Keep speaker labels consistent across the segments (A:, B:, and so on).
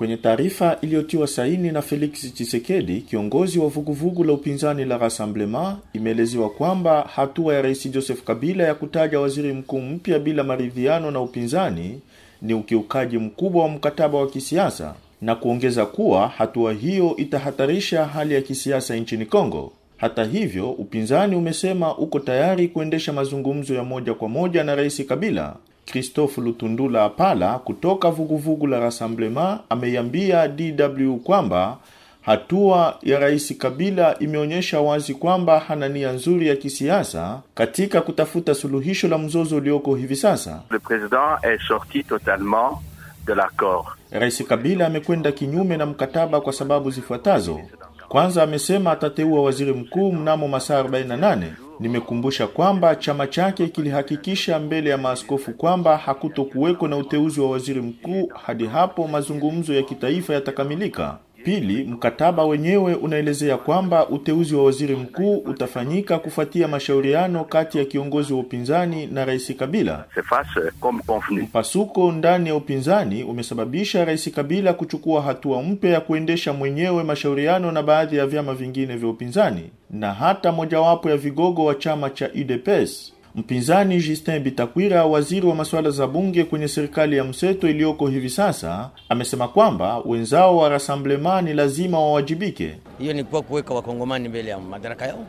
A: Kwenye taarifa iliyotiwa saini na Felix Chisekedi, kiongozi wa vuguvugu la upinzani la rassemblema imeelezewa kwamba hatua ya Rais Joseph Kabila ya kutaja waziri mkuu mpya bila maridhiano na upinzani ni ukiukaji mkubwa wa mkataba wa kisiasa na kuongeza kuwa hatua hiyo itahatarisha hali ya kisiasa nchini Kongo. Hata hivyo, upinzani umesema uko tayari kuendesha mazungumzo ya moja kwa moja na Rais Kabila Christophe Lutundula Apala kutoka vuguvugu la rassemblema ameiambia DW kwamba hatua ya Rais Kabila imeonyesha wazi kwamba hana nia nzuri ya kisiasa katika kutafuta suluhisho la mzozo ulioko hivi sasa. Rais Kabila amekwenda kinyume na mkataba kwa sababu zifuatazo. Kwanza, amesema atateua waziri mkuu mnamo masaa 48 Nimekumbusha kwamba chama chake kilihakikisha mbele ya maaskofu kwamba hakutokuweko na uteuzi wa waziri mkuu hadi hapo mazungumzo ya kitaifa yatakamilika. Pili, mkataba wenyewe unaelezea kwamba uteuzi wa waziri mkuu utafanyika kufuatia mashauriano kati ya kiongozi wa upinzani na Rais Kabila. Mpasuko ndani ya upinzani umesababisha Rais Kabila kuchukua hatua mpya ya kuendesha mwenyewe mashauriano na baadhi ya vyama vingine vya upinzani na hata mojawapo ya vigogo wa chama cha UDPS. Mpinzani Justin Bitakwira, waziri wa masuala za bunge kwenye serikali ya mseto iliyoko hivi sasa, amesema kwamba wenzao wa Rassemblement ni lazima wawajibike.
B: Hiyo ni kwa kuweka wakongomani mbele ya madaraka yao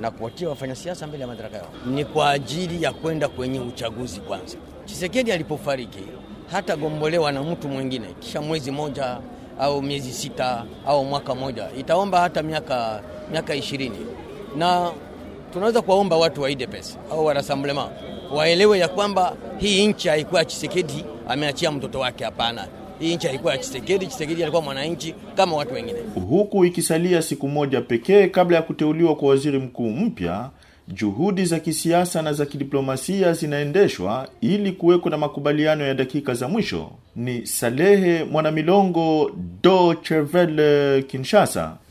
B: na kuwatia wafanyasiasa mbele ya madaraka yao, ni kwa ajili ya kwenda kwenye uchaguzi. Kwanza Chisekedi alipofariki hata gombolewa na mtu mwingine kisha mwezi moja au miezi sita au mwaka moja, itaomba hata miaka miaka ishirini na tunaweza kuwaomba watu wa pesa au wanasamblema waelewe ya kwamba hii nchi haikuwa Chisekedi ameachia mtoto wake. Hapana, hii nchi haikuwa ya Chisekedi. Chisekedi alikuwa mwananchi kama watu wengine.
A: Huku ikisalia siku moja pekee kabla ya kuteuliwa kwa waziri mkuu mpya, juhudi za kisiasa na za kidiplomasia zinaendeshwa ili kuwekwa na makubaliano ya dakika za mwisho. Ni Salehe Mwanamilongo, Chevele, Kinshasa.